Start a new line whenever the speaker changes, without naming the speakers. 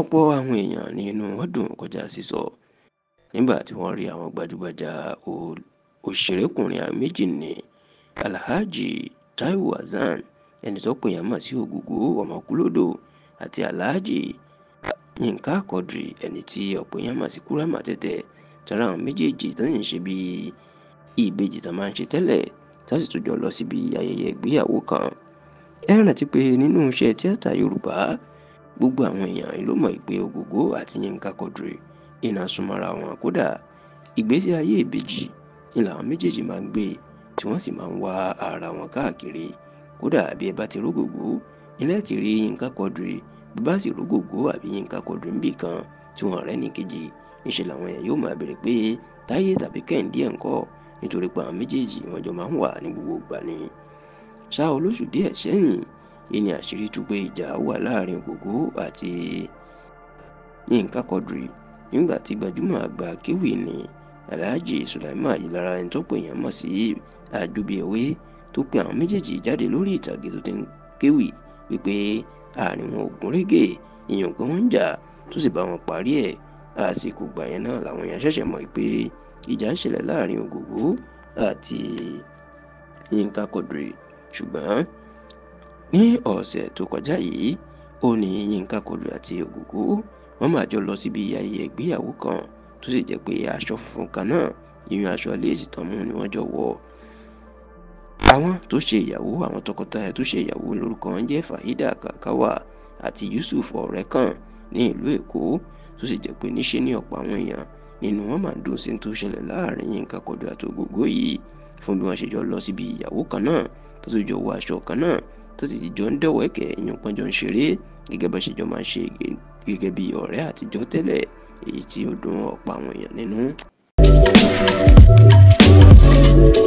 Ọ̀pọ̀ àwọn èèyàn ni inú wọn dùn kọjá sísọ nígbà tí wọ́n rí àwọn gbajúgbajà òṣèrékùnrin méjì ní Alhaji Taiwo Hassan ẹni tọ́pọ̀ èèyàn mọ̀ sí Ògògó Ọmọkúlódò àti Alhaji Yinka Quadri ẹni tí ọ̀pọ̀ èèyàn mọ̀ sí Kurama Tẹ́tẹ́ tara àwọn méjèèjì tó ń ṣe bí ìbejì tó máa ń ṣe tẹ́lẹ̀ tó sì tún jọ lọ síbi ayẹyẹ ìgbéyàwó kan ẹ rántí pé nínú iṣẹ́ tíátà Yorùbá gbogbo àwọn èèyàn ló mọ̀ pé Ògògó àti Yínká Quadri iná súnmọ́ra wọn kódà ìgbésí ayé ìbejì ni làwọn méjèèjì máa ń gbé tí wọ́n sì máa ń wá ara wọn káàkiri kódà bí ẹ bá ti rógògó ilé ti rí Yínká Quadri bí bá sì rógògó àbí Yínká Quadri ń bì kan tí wọ́n rẹ́ ní kejì níṣẹ́ làwọn èèyàn yóò máa béèrè pé Táyé tàbí Kẹ́hìndé ẹ̀ ń kọ́ nítorí pé àwọn méjèèjì wọn jọ máa ń wà ní gbogbo ìgbà ni ṣá olóṣù díẹ̀ sẹ́yìn ìní àṣírí tú pé ìjà wà láàrin Ògògó àti Yínká Quadri nígbà tí gbajúmọ̀ àgbà kéwì ní Alhaji Sulaiman Ayílára ẹni tó pè yàn mọ̀ sí Àjùbíẹ̀wé tó pe àwọn méjèèjì jáde lórí ìtàgé tó ti ń kéwì wípé àárín wọn ò gún régé èèyàn pé wọ́n ń jà tó sì bá wọn parí ẹ̀ àsìkò gbà yẹn náà làwọn èèyàn ṣẹ̀ṣẹ̀ mọ̀ pé ìjà ń ṣẹlẹ̀ láàrin Ògògó àti Yínká Quadri ṣùgbọ́n ní ọ̀sẹ̀ tó kọjá yìí ó ní Yínká Kọlù àti Ògúngú wọ́n máa jọ lọ síbi ayẹyẹ ìgbéyàwó kan tó sì jẹ́ pé aṣọ funfun kan náà ìyún aṣọ aléèsì tán mú ni wọ́n jọ wọ̀ àwọn tó ṣe ìyàwó àwọn tọkọtaya tó ṣe ìyàwó lórúkọ wọn jẹ́ Fàhídà Kàkáwà àti Yusuf Ọ̀rẹ́kàn ní ìlú Èkó tó sì jẹ́ pé níṣe ní ọ̀pọ̀ àwọn èèyàn nínú wọn máa ń dùn sí tó ṣẹlẹ̀ láàrin Yínká Kọlù àti Ògúngú yìí fún bí wọ́n ṣe jọ lọ síbi ìyàwó kan náà tó sì jọ wọ aṣọ kan náà tó sì jọ ń dọ̀wẹ́kẹ̀ èèyàn kan jọ ń ṣeré gẹ́gẹ́ bá ṣe jọ máa ń ṣe gẹ́gẹ́ bí ọ̀rẹ́ àtijọ́ tẹ́lẹ̀ èyí tí ó dùn ọ̀pọ̀ àwọn èèyàn nínú. thank you